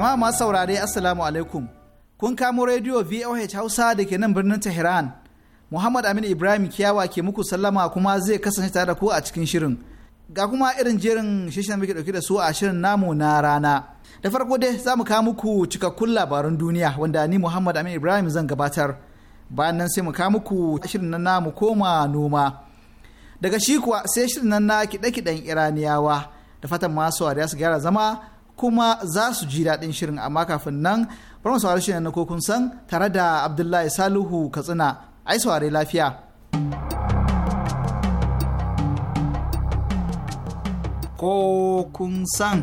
Jama'a masu saurare Assalamu alaikum. Kun kamo rediyo VOH Hausa da ke nan birnin Tehran. Muhammad Amin Ibrahim Kiyawa ke muku sallama kuma zai kasance tare da ku a cikin shirin. Ga kuma irin jerin shishin muke dauke da su a shirin namu na rana. Da farko dai za mu kawo muku cikakkun labarun duniya wanda ni Muhammad Amin Ibrahim zan gabatar. Bayan nan sai mu kawo muku shirin na namu koma noma. Daga shi kuwa sai shirin nan na kiɗe-kiɗen Iraniyawa da fatan masu da su gyara zama kuma za su ji daɗin shirin amma kafin nan bari mu saurari shirin na kokun san tare da Abdullahi Salihu Katsina ai saurare lafiya. Kokun san.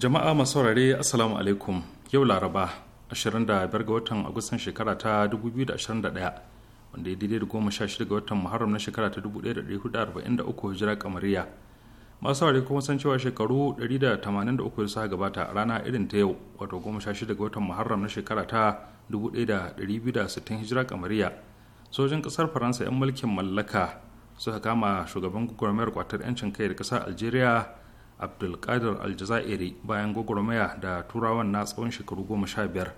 Jama'a masu saurare Assalamu alaikum yau Laraba 25 ga watan Agustan shekara ta 2021 wanda ya daidai da goma sha shida ga watan muharram na shekara ta 1443 hijira kamariya masu saurari kuma san cewa shekaru 183 da suka gabata a rana irin ta yau wato goma sha shida ga watan muharram na shekara ta 1260 hijira kamariya sojin kasar faransa 'yan mulkin mallaka suka kama shugaban gwagwarmayar kwatar 'yancin kai da kasar algeria abdulkadir aljazairi bayan gwagwarmaya da turawan na tsawon shekaru biyar.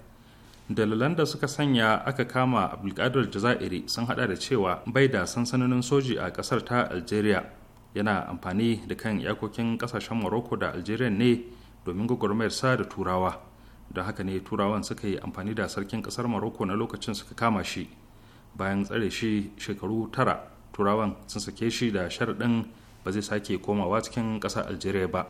dalilan da suka sanya aka kama abdulkadir jazairi sun hada da cewa bai da sansanonin soji a kasar ta algeria yana amfani da kan iyakokin kasashen morocco da algeria ne domin gwagwarmayar sa da turawa don haka ne turawan suka yi amfani da sarkin kasar morocco na lokacin suka kama shi bayan tsare shi shekaru tara turawan sun sake shi da sharaɗin ba zai sake komawa cikin ƙasar algeria ba.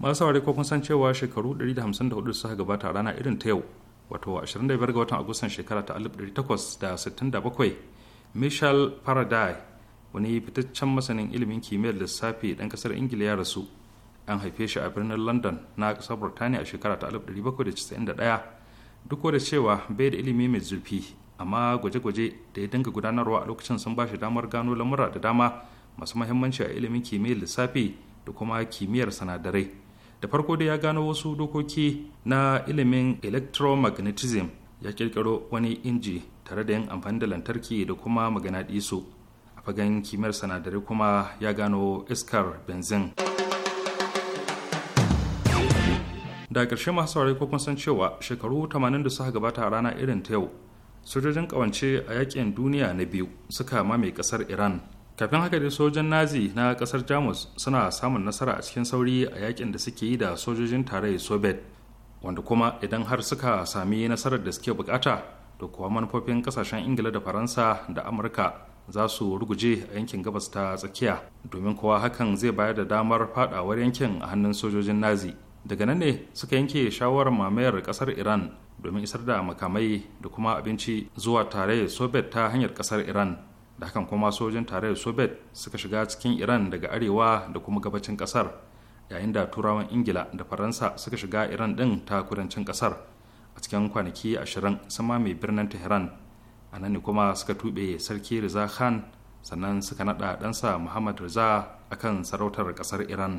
masu saurari ko kun san cewa shekaru 154 suka gabata a rana irin ta yau wato 25 ga watan agustan shekara ta 1867 michel faraday wani fitaccen masanin ilimin kimiyyar lissafi dan kasar ingila ya rasu an haife shi a birnin london na kasar burtaniya a shekara ta 1791 duk da cewa bai da ilimi mai zurfi amma gwaje-gwaje da ya dinga gudanarwa a lokacin sun ba shi damar gano lamura da dama masu mahimmanci a ilimin kimiyyar lissafi da kuma kimiyyar sanadarai da farko da ya gano wasu dokoki na ilimin electromagnetism ya kirkiro wani inji tare da yin amfani da lantarki da kuma maganaɗiso a fagen kimiyyar sanadarai kuma ya gano iskar benzin da ƙarshe masu saurari ko kun san cewa shekaru 80 da suka gabata a rana irin ta yau sojojin ƙawance a yakin duniya na biyu suka mame ƙasar iran kafin haka dai sojan nazi na kasar jamus suna samun nasara a cikin sauri a yakin da suke yi da sojojin tarayyar soviet wanda kuma idan har suka sami nasarar da suke bukata da kuwa manufofin kasashen ingila da faransa da amurka za su ruguje a yankin gabas ta tsakiya domin kuwa hakan zai bayar da damar fadawar yankin a hannun sojojin nazi daga nan ne suka yanke shawarar mamayar kasar iran domin isar da makamai da kuma abinci zuwa tarayyar soviet ta hanyar kasar iran da hakan kuma sojin tarayyar soviet suka shiga cikin iran daga arewa da kuma gabacin kasar yayin da turawan ingila da faransa suka shiga iran din ta kudancin kasar a cikin kwanaki ashirin sama mai birnin tehran a nan ne kuma suka tuɓe sarki riza khan sannan suka naɗa ɗansa muhammad riza akan sarautar kasar iran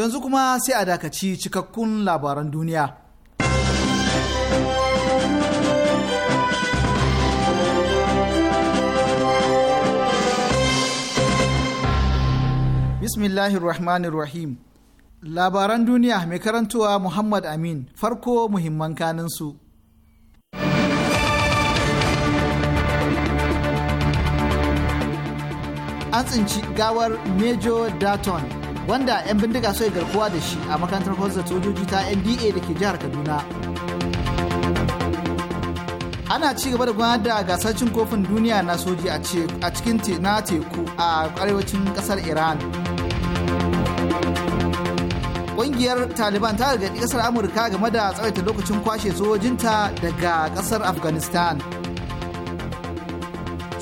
yanzu kuma sai a dakaci cikakkun labaran duniya. Bismillahir Labaran duniya mai karantowa Muhammad Amin farko muhimman kaninsu. An tsinci gawar Major Datton wanda 'yan bindiga suka garkuwa da shi a makarantar kwarzar sojoji ta nda da ke jihar kaduna ana ci gaba da gudanar da gasar cin kofin duniya na soji a cikin na teku a arewacin kasar iran ƙungiyar taliban ta gargaɗi ƙasar amurka game da tsawaita lokacin kwashe sojojinta daga ƙasar afghanistan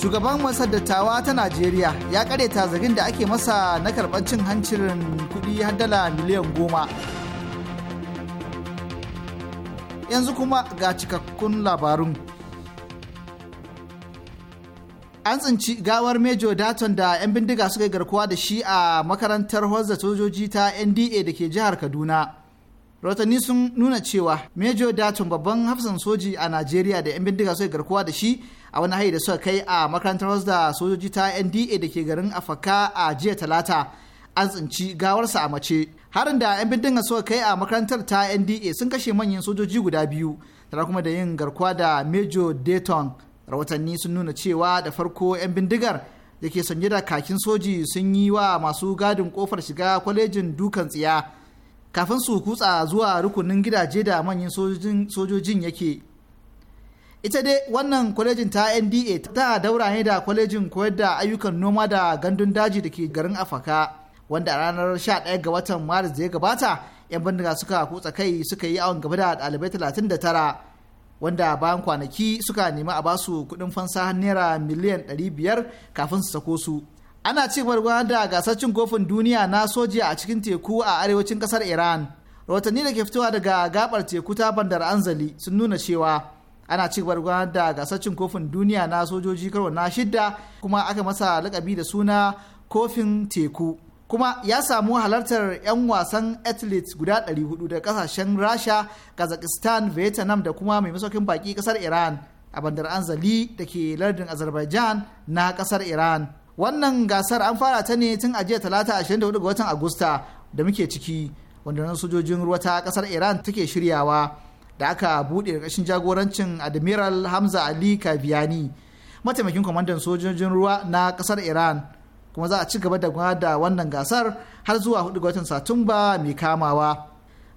shugaban masar dattawa ta najeriya ya ta zagin da ake masa na karɓar cin hancin kuɗi har dala miliyan goma yanzu kuma ga cikakkun labarun an tsinci gawar mejo daton da 'yan bindiga suka yi garkuwa da shi a makarantar hozza sojoji ta nda da ke jihar kaduna rahotanni sun nuna cewa major datun babban hafsan soji a najeriya da 'yan bindiga suka garkuwa da shi a wani hayi da suka kai a makarantar da sojoji ta nda da ke garin afaka a jiya talata an tsinci gawarsa a mace harin da 'yan bindiga suka kai a makarantar ta nda sun kashe manyan sojoji guda biyu tare kuma da yin garkuwa da major dayton rahotanni sun nuna cewa da farko 'yan bindigar da ke sanye da kakin soji sun yi wa masu gadin kofar shiga kwalejin dukan tsiya kafin su kutsa zuwa rukunin gidaje da manyan sojojin yake ita dai wannan kwalejin ta nda ta daura ne da kwalejin koyar da ayyukan noma da gandun daji da ke garin afaka wanda a ranar 11 ga watan maris da ya gabata 'yan bindiga suka kutsa kai suka yi awon gaba da ɗalibai 39 wanda bayan kwanaki suka nemi a basu kuɗin fansa naira miliyan 500 kafin su sako su ana ci gaba da gasar kofin duniya na soji a cikin teku a arewacin kasar iran rahotanni da ke fitowa daga gabar teku ta bandar anzali sun nuna cewa ana cigabar gaba da gasar kofin duniya na sojoji karo na shidda kuma aka masa lakabi da suna kofin teku kuma ya samu halartar 'yan wasan athletes guda 400 da kasashen rasha kazakhstan vietnam da kuma mai masaukin baki kasar iran a bandar anzali da ke lardin azerbaijan na kasar iran wannan gasar an fara ta ne tun ajiya talata 24 ga watan agusta da muke ciki wanda nan sojojin ruwa ta kasar iran take shiryawa da aka buɗe ƙarƙashin jagorancin admiral hamza ali kabiyani mataimakin kwamandan sojojin ruwa na kasar iran kuma za a ci gaba da da wannan gasar har zuwa 4 ga watan satumba mai kamawa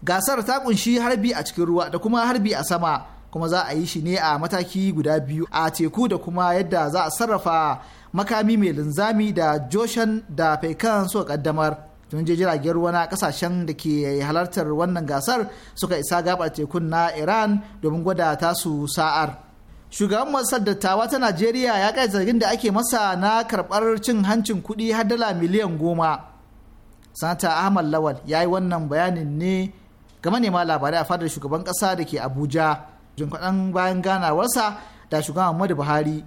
gasar ta kunshi harbi a cikin ruwa da kuma harbi a sama kuma za a yi shi ne a mataki guda biyu a teku da kuma yadda za a sarrafa makami mai linzami da joshan da faikan suka kaddamar tun jiragen ruwa na kasashen da ke halartar wannan gasar suka isa gabar tekun na iran domin gwada tasu sa'ar shugaban masar dattawa ta najeriya ya kai zargin da ake masa na karɓar cin hancin kuɗi har dala miliyan goma sanata ahmad lawal ya yi wannan bayanin ne ga manema labarai a fadar shugaban kasa da ke abuja jin bayan ganawarsa da shugaban muhammadu buhari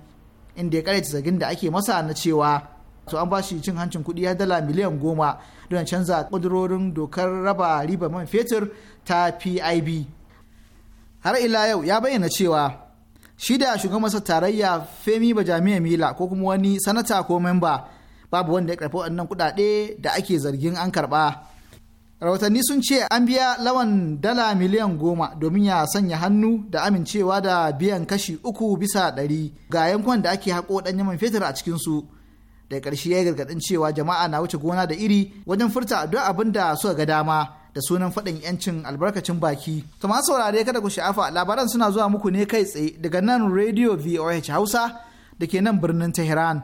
inda ya karaita zargin da ake masa na cewa to an ba shi cin hancin kuɗi ya dala miliyan goma don canza ƙudurorin dokar raba riba man fetur ta pib har ila yau ya bayyana cewa shi da shugaban masa tarayya femi bajamiya mila ko kuma wani sanata ko memba babu wanda ya karɓi waɗannan kuɗaɗe da ake zargin an karɓa rahotanni sun ce an biya lawan dala miliyan goma domin ya sanya hannu da amincewa da biyan kashi uku bisa ɗari ga yankunan da ake haƙo ɗan yaman fetur a cikinsu da ƙarshe ya gargaɗin cewa jama'a na wuce gona da iri wajen furta duk abin da suka ga dama da sunan faɗin yancin albarkacin baki. To masu saurare kada ku sha'afa labaran suna zuwa muku ne kai tsaye daga nan Radio VOH Hausa da ke nan birnin Tehran.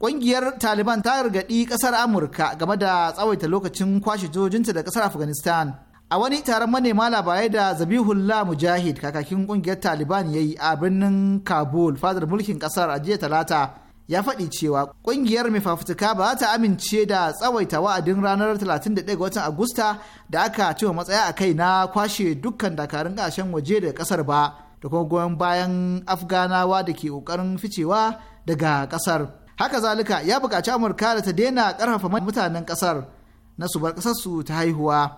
Ƙungiyar Taliban ta gargaɗi ƙasar Amurka game da tsawaita lokacin kwashe jojinta da ƙasar Afghanistan. A wani taron manema labarai da Zabihullah Mujahid kakakin ƙungiyar Taliban ya yi a birnin Kabul fadar mulkin ƙasar a jiya talata ya faɗi cewa ƙungiyar mai fafutuka ba ta amince da tsawaita wa'adin ranar 31 ga watan Agusta da aka cewa matsaya a kai na kwashe dukkan dakarun ƙasashen waje da ƙasar ba da kuma goyon bayan Afganawa da ke ƙoƙarin ficewa daga ƙasar. haka zalika ya buƙaci amurka da ta daina ƙarfafa mutanen ƙasar na su bar ƙasarsu ta haihuwa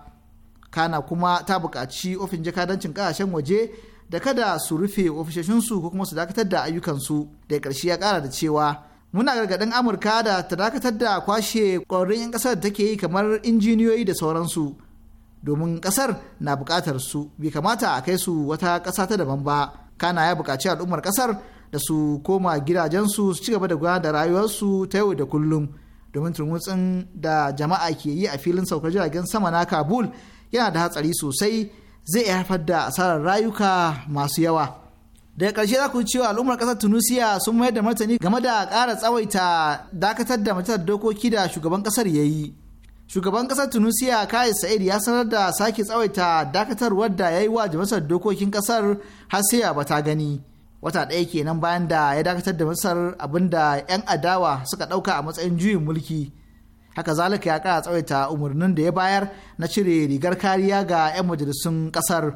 kana kuma ta buƙaci ofin jakadancin ƙasashen waje da kada su rufe ofisoshinsu ko kuma su dakatar da ayyukansu da ƙarshe ya ƙara da cewa muna gargaɗin amurka da ta dakatar da kwashe ƙwararrun 'yan ƙasar da take yi kamar injiniyoyi da sauransu domin ƙasar na buƙatar su bai kamata a kai su wata ƙasa ta daban ba kana ya buƙaci al'ummar ƙasar da su koma gidajensu su ci gaba da gudanar da rayuwarsu ta yau da kullum domin turmutsin da jama'a ke yi a filin saukar jiragen sama na kabul yana da hatsari sosai zai iya haifar da asarar rayuka masu yawa daga karshe za ku cewa al'ummar ƙasar tunisia sun mayar da martani game da kara tsawaita dakatar da matar dokoki da shugaban kasar ya yi shugaban ƙasar tunisia kai sa'id ya sanar da sake tsawaita dakatarwar da ya yi wa majalisar dokokin ƙasar har sai ba ta gani wata ɗaya kenan bayan da ya dakatar da masar da 'yan adawa suka ɗauka a matsayin juyin mulki haka zalika ya ƙara tsawaita umarnin da ya bayar na cire rigar kariya ga 'yan majalisun ƙasar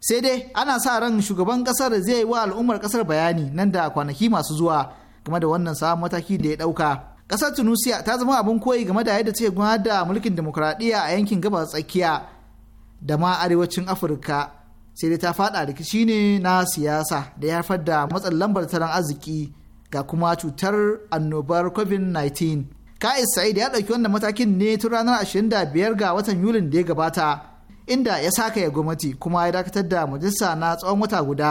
sai dai ana sa ran shugaban ƙasar zai yi wa al'ummar ƙasar bayani nan da kwanaki masu zuwa game da wannan sabon mataki da ya ɗauka ƙasar tunisia ta zama abin koyi game da yadda take gudanar da mulkin demokuraɗiyya a yankin gabas tsakiya da ma arewacin afirka sai dai ta fada rikici ne na siyasa da ya haifar da matsin lambar tattalin arziki ga kuma cutar annobar covid-19 ka'is sa'id ya ɗauki wannan matakin ne tun ranar 25 ga watan yulin da ya gabata inda ya saka ya gwamnati kuma ya dakatar da majalisa na tsawon wata guda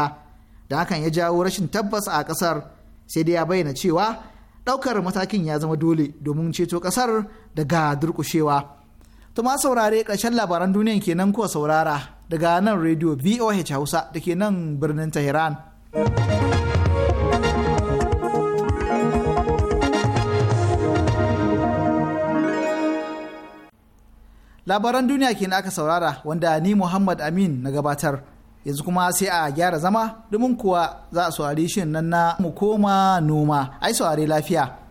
da hakan ya jawo rashin tabbas a ƙasar sai dai ya bayyana cewa ɗaukar matakin ya zama dole domin ceto kasar daga durƙushewa. Tuma saurare ƙarshen labaran duniyan kenan ko saurara daga nan rediyo VOH Hausa da ke nan birnin Tehran. Labaran duniya ke aka saurara wanda ni Muhammad Amin na gabatar. Yanzu kuma sai a gyara zama domin kuwa za a saurari shin nan na mu koma noma, ai saurari lafiya.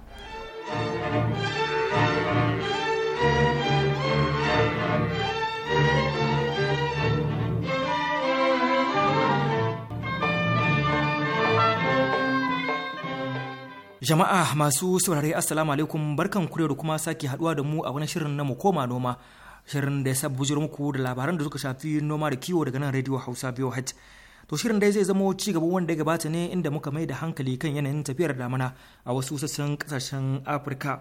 Jama'a masu saurare assalamu alaikum barkan ku da kuma sake haduwa da mu a wani shirin na mu koma noma shirin da ya sa bujiro muku da labaran da suka shafi noma da kiwo daga nan radio Hausa H to shirin dai zai zamo ci gaba wanda ya gabata ne inda muka mai da hankali kan yanayin tafiyar damana a wasu sassan kasashen Afirka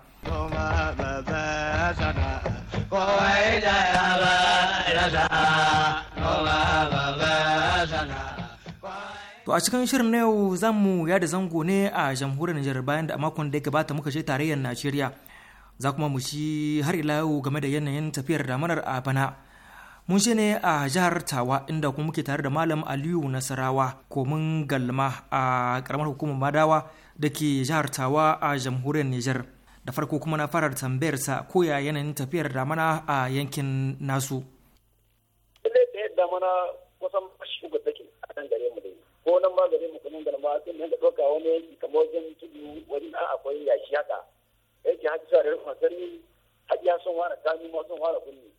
Kowa To a cikin shirin na yau za mu yada zango ne a jamhuriyar Nijar bayan da a makon da ya gabata muka je tarayyar Najeriya. Za kuma mu ci har ila yau game da yanayin tafiyar damanar a bana. Mun shi ne a jihar Tawa inda kuma muke tare da Malam Aliyu Nasarawa komin galma a karamar hukumar Madawa da ke jihar Tawa a jamhuriyar Nijar. Da farko kuma na fara tambayar sa koya yanayin tafiyar damana a yankin nasu. Ilai tafiyar damana kusan shi take a gare mu ko nan ba gare mu da ba sun mun da ɗauka wani yanki kamar wajen tudu wani na akwai yashi haka yake haka sa da rufin sarni har ya sun wara kanu ma sun wara kunni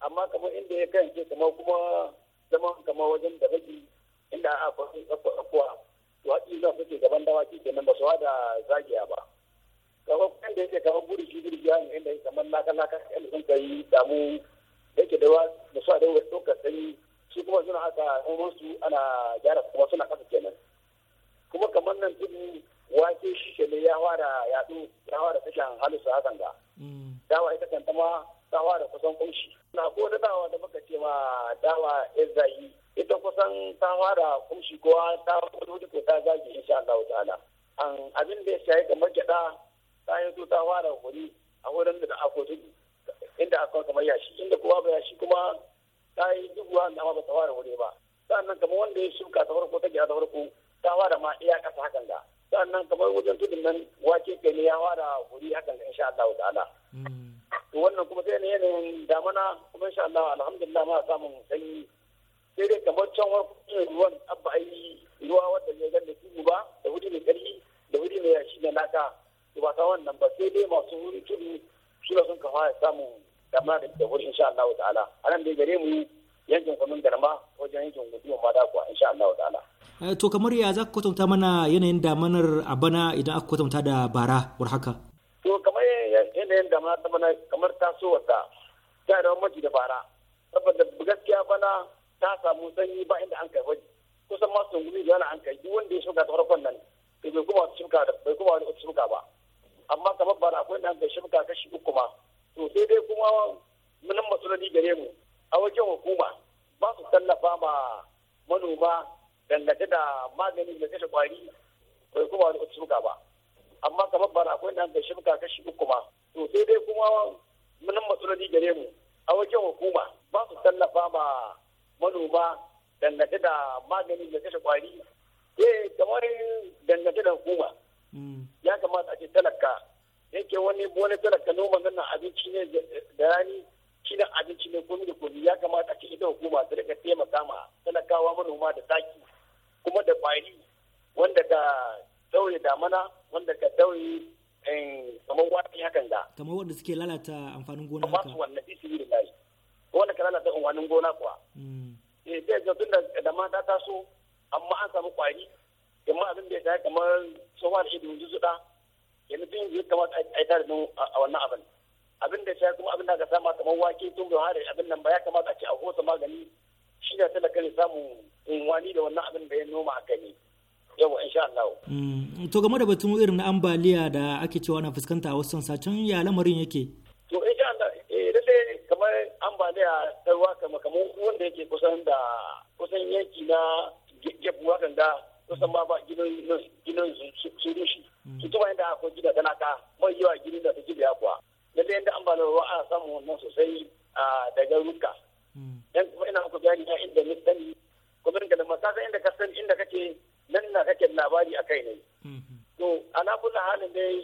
amma kamar inda ya kayance kamar kuma zama kamar wajen da baki inda a kwafi akwa to haƙi za su ke gaban dawaki nan ba su da zagiya ba kamar kan da yake kamar buri shi buri ya inda kamar laka laka kan sun kai damu yake da da su a da ɗaukar sanyi shi kuma suna haka horo su ana gyara kuma suna kasa kenan kuma kamar nan tudu wake shi ke ne ya fara yaɗu ya fara tashan halitta hakan ga mm. dawa ita kanta ma ta fara kusan kunshi na ko da dawa da muka ce ma dawa ya zayi ita kusan ta fara kunshi ko ta fara ko ta zagi sha Allah ta'ala an abin da ya shayi kamar gyada ta yi ta fara wuri a wurin da aka tudu inda akwai kamar yashi inda kuma ba yashi kuma ta yi duk da ba ta ware wuri ba sannan kamar wanda ya shuka ta farko ta gida ta farko ta ware ma iya kasa hakan sa'an sannan kamar wajen tudun nan wake kai ne ya ware wuri hakan da insha Allah ta'ala to wannan kuma sai ne yanayin damana kuma insha Allah alhamdulillah ma samun sanyi sai dai kamar can wani ruwan abba ai ruwa wanda ya ganda tudu ba da wuri ne kari da wuri ne ya shi laka naka ba ta wannan ba sai dai masu wuri tudu suna sun kafa samun da da da wuri insha Allah ta'ala anan dai gare mu yankin kwamin garma wajen yankin ma da kuwa insha Allah ta'ala eh, to kamar ya za ka kwatanta mana yanayin damanar a bana idan aka kwatanta da bara war haka to kamar yanayin damanar ta mana kamar tasowarta ta da mace da bara saboda gaskiya bana ta samu sanyi ba inda an kai waje kusan ma sun gumi da an kai duk wanda ya shuka ta farkon nan bai kuma wani shuka ba amma kamar bara akwai da an kai shuka kashi uku ma to sai dai kuma munan matsaloli gare mu a wajen hukuma ba su tallafa ma manoma dangane da maganin da kashe kwari bai kuma wani shimka ba amma kamar bara akwai nan da shimka kashi uku ma to sai dai kuma munan matsaloli gare mu a wajen hukuma ba su tallafa ma manoma dangane da maganin da kashe kwari eh kamar dangane da hukuma mm. ya kamata a ce talaka yake wani wani talaka noman nan abinci ne da rani na abinci ne komi da komi ya kamata ce ita hukuma ta rika taimaka ma kawo manoma da taki kuma da kwari wanda ka daure damana wanda ka daure eh, kamar wani hakan da kamar wanda suke lalata amfanin gona haka kamar wanda isi yi da wanda ka lalata amfanin gona kuwa mm. eh sai ga tunda da mata ta so amma an samu kwari kamar abin da ya kamar tsohuwa da ido su da yanzu sun yi kama a yi tare a wannan abin abin da ya kuma abin da ka sama kamar wake tun da hari abin nan ba ya kamata a ce a hosa magani shi da talaka ne samu unwani da wannan abin da ya noma a gani yawa insha Allah mm. to game da batun irin na ambaliya da ake cewa na fuskanta a wasu sacen ya lamarin yake to insha Allah dai eh, kamar ambaliya ta ruwa kamar wanda yake kusan da kusan yanki na gebuwa ganga kusan ba ba ginin su rushe hmm. su tuba yadda aka kwanci da ka mai yawa gini da ta jibiya kuwa lalle yadda an ba ruwa ana samun wannan sosai daga ruka yan hmm. kuma ina muku bayani na inda ni sani kuma da masasa inda ka san inda kake nan na kake labari a kai ne hmm, to ana kullu halin dai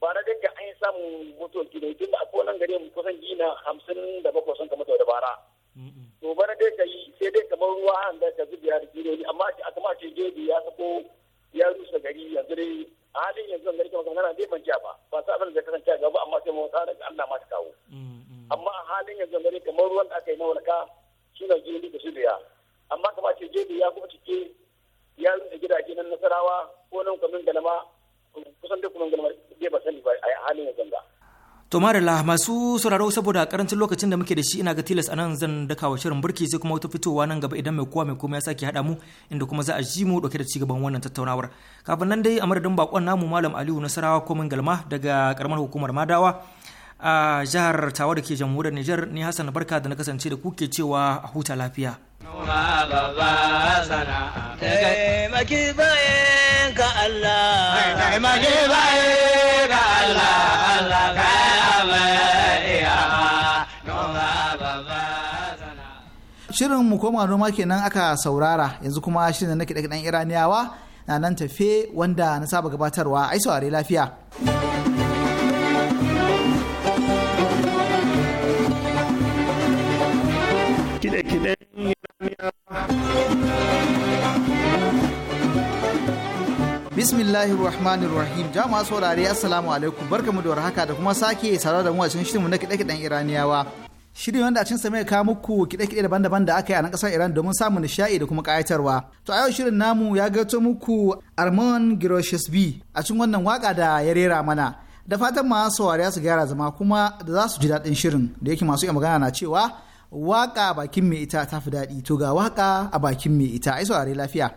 ba na dinka an yi samun mutuwar gidai tun da marila masu sauraro saboda karancin lokacin da muke da shi ina ga tilas anan zan daka wa shirin burki sai kuma wata fitowa nan gaba idan mai kowa mai komai ya sake hada mu inda kuma za a ji mu dauke da cigaban wannan tattaunawar kafin nan dai a madadin bakon namu malam aliyu nasarawa ko min galma daga karamar hukumar madawa a jihar tawa da ke jamhuriyar niger ni hassan barka da na kasance da kuke cewa a huta lafiya Allah, Allah, Allah, Allah shirin mu koma noma kenan aka saurara yanzu kuma shirin na kiɗe-kiɗen iraniyawa na nan tafe wanda na saba gabatarwa ai saurare lafiya. kiɗe Bismillahir Rahmanir Rahim. Jama'a saurare Assalamu alaikum. Barkamu da warhaka da kuma sake saurara da mu a cikin mu na kiɗe-kiɗen Iraniyawa. shirin wanda a cin sa mai kawo muku kide-kide daban-daban da aka yi a nan kasar Iran domin samun nishaɗi da kuma ƙayatarwa. To a yau shirin namu ya gato muku Armon Giroshes B a cikin wannan waka da ya rera mana. Da fatan masu saurari su gyara zama kuma da za su ji daɗin shirin da yake masu iya magana na cewa waka a bakin mai ita ta fi daɗi to ga waka a bakin mai ita ai saurari lafiya.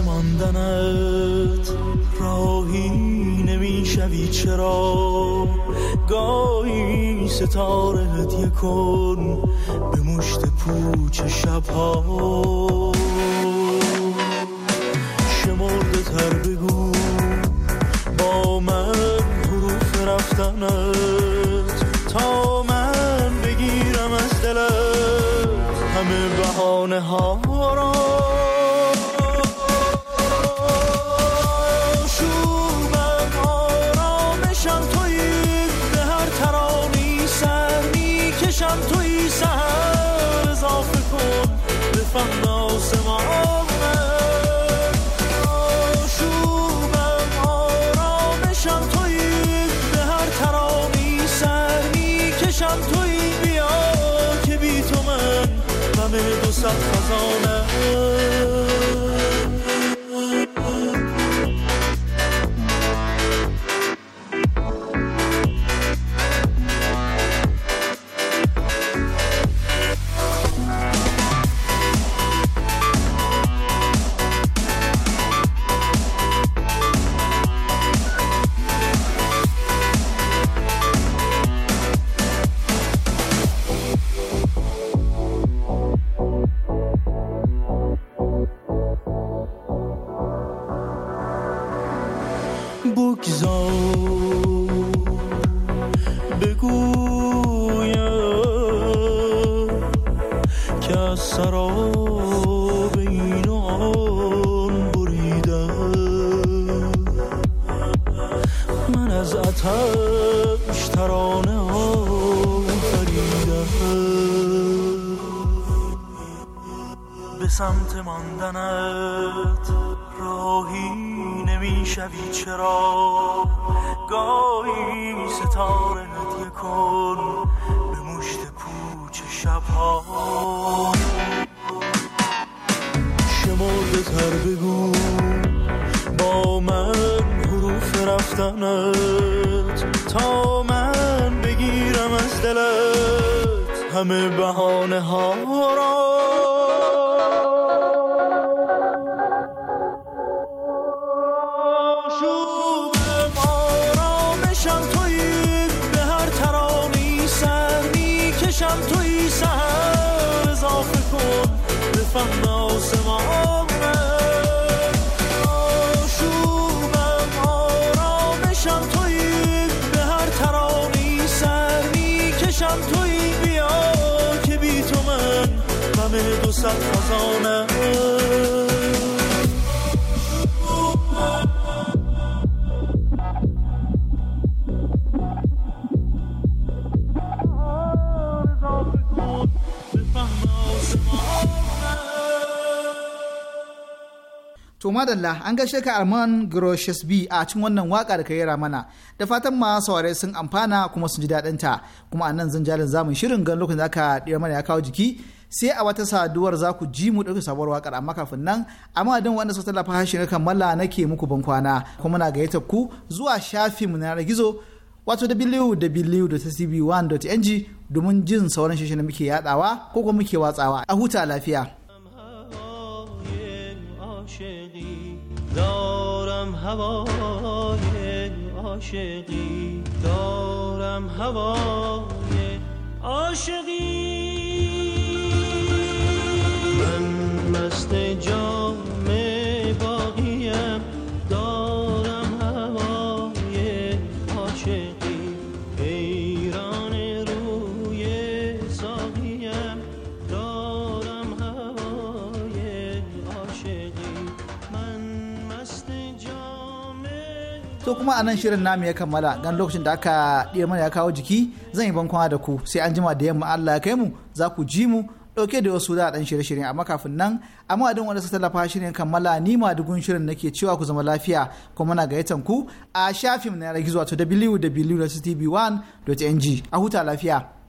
ماندنت راهی نمیشوی چرا گاهی ستاره هدیه کن به مشت پوچ شبها شمرده تر بگو با من حروف رفتنت تا من بگیرم از دلت همه بهانه دوست خزانه سمت ماندنت راهی نمیشوی چرا گاهی ستاره هدیه کن به مشت پوچ شبها شمرده تر بگو با من حروف رفتنت تا من بگیرم از دلت همه بهانه ها را این بیا که بی تو من همه دو صد خزانم da madalla an gaishe ka Arman Groshes B a cikin wannan waka da ka yi mana da fatan ma saware sun amfana kuma sun ji daɗin ta kuma anan zan jalin zamun shirin gan lokacin da aka ɗiyar mana ya kawo jiki sai a wata saduwar za ku ji mu ɗauki sabuwar wakar amma kafin nan amma don wanda suka tallafa harshe na kammala nake muku ban kwana kuma muna gayyatar ku zuwa shafin mu na gizo wato wwwcb 1ng domin jin sauran shashe da muke yadawa ko kuma muke watsawa a huta lafiya. دارم هوای عاشقی دارم هوای عاشقی kuma anan shirin namu ya kammala gan lokacin da aka ɗiya mana ya kawo jiki zan yi bankwana da ku sai an jima da yamma Allah ya kai mu za ku ji mu ɗauke da wasu da ɗan shirye-shiryen amma kafin nan a madadin wanda suka tallafa shirin kammala ni ma dugun shirin ke cewa ku zama lafiya kuma na gayyatan ku a shafin na gizo wato wwwtv ng a huta lafiya.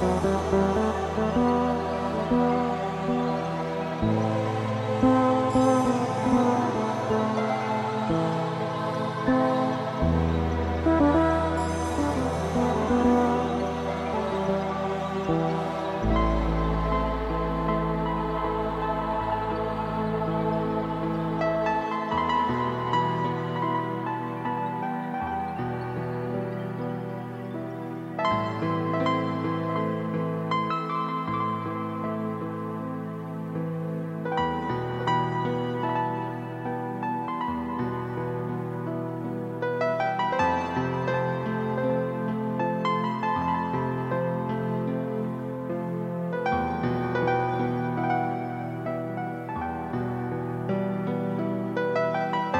Thank you.